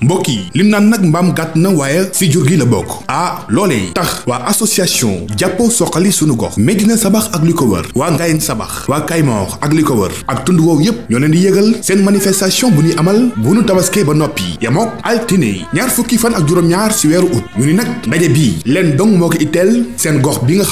Boki, lim nan nak mbam gat na waye si jur gi la bok ah lolé tax wa association japo sokali sunu gox Medina Sabax ak liko ko wër wa Ngayen Sabax wa Kaymor ak liko ko wër ak tundu wo yep ñone di yegal sen manifestation bu ni amal bu nu tabaskee ba nopi yamook altine ñaar fukki fan ak juróom-ñaar si wéru ut ñu ni nag ndaje bi len dong moko itel sen gox bi nga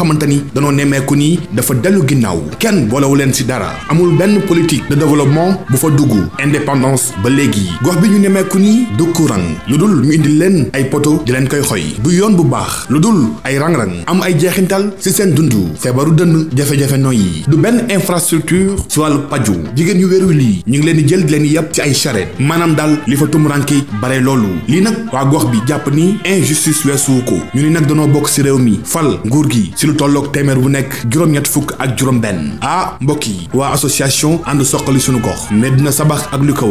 da no némé ku ni dafa dalu ginnaw ken bolaw len ci dara amul ben politique de développement bu fa dugg indépendance ba légui gox bi ñu ku ni rang lu dul mu indi leen ay poto di leen koy xoy du yoon bu baax lu dul ay rang-rang am ay jeexintal ci seen dundu feebaru dënn jafe-jafe yi du benn infrastructure si wàllu paju jigéen ñu wéru lii ñu ngi leen di jël di leen yàpp ci ay charrette maanaam daal li fa tumuranki bare loolu lii nag waa gox bi jàpp ni injustice weesuwu ko ñu ni nag danoo bokk ci réew mi fal nguur gi ci lu tollook téeméer bu nekk juróom-ñett fukk ak juróom benn ah mbokk yi waa association ànd soqali ko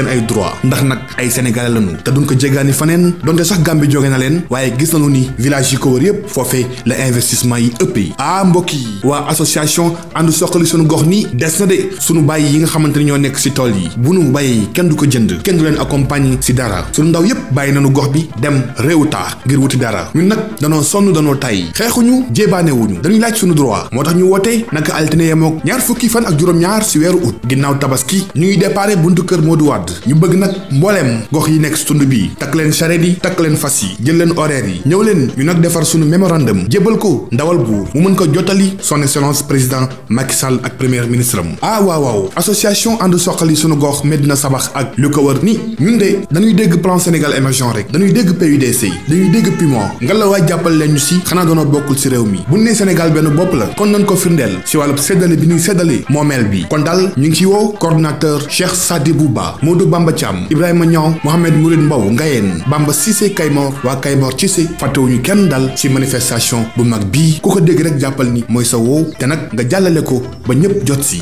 seen ay droit ndax nag ay sénégalais lañu te duñ ko jéggaani faneen donte sax Gambie joge na leen waaye gis nañu ni village yi ko wër yëpp foofee la investissement yi ëpp yi ah mbokk yi waa association ànd soxali suñu gox ni des na de suñu bàyyi yi nga xamante ni ñoo nekk si tool yi bu nu bàyyi kenn du ko jënd kenn du leen accompagner si dara suñu ndaw yëpp bàyyi nañu gox bi dem réewu taax ngir wuti dara ñun nag danoo sonn danoo tàyyi xeexuñu jéebaanewuñu dañuy laaj suñu droit moo tax ñu wootee naka altine yemook ñaar fukki fan ak juróom si weeru août ginnaaw tabaski ñu ngi déparé buntu kër Modou Wade ñu bëgg nag mbooleem gox yi nekk tund bi takk leen charette yi takk leen jël son excellence président Macky Sall ak premier ministre am ah association ànd soxali suñu gox Medina Sabax ak ñun de dañuy dégg plan Sénégal émergent rek dañuy dégg PUDC dañuy dégg nga la si mi Sénégal benn la kon ko si bini bi ñuy moomeel bi kon ñu Cheikh Modou Bamba Thiam Ibrahima Niang Mohamed Mourid Mbow ngaye Ngayeen Bamba Cissé Kaymor waa Kaymor Cissé fàttewuñu kenn dal ci manifestation bu mag bii ku ko dégg rek jàppal ni mooy sa te nag nga jàllale ko ba ñëpp jot si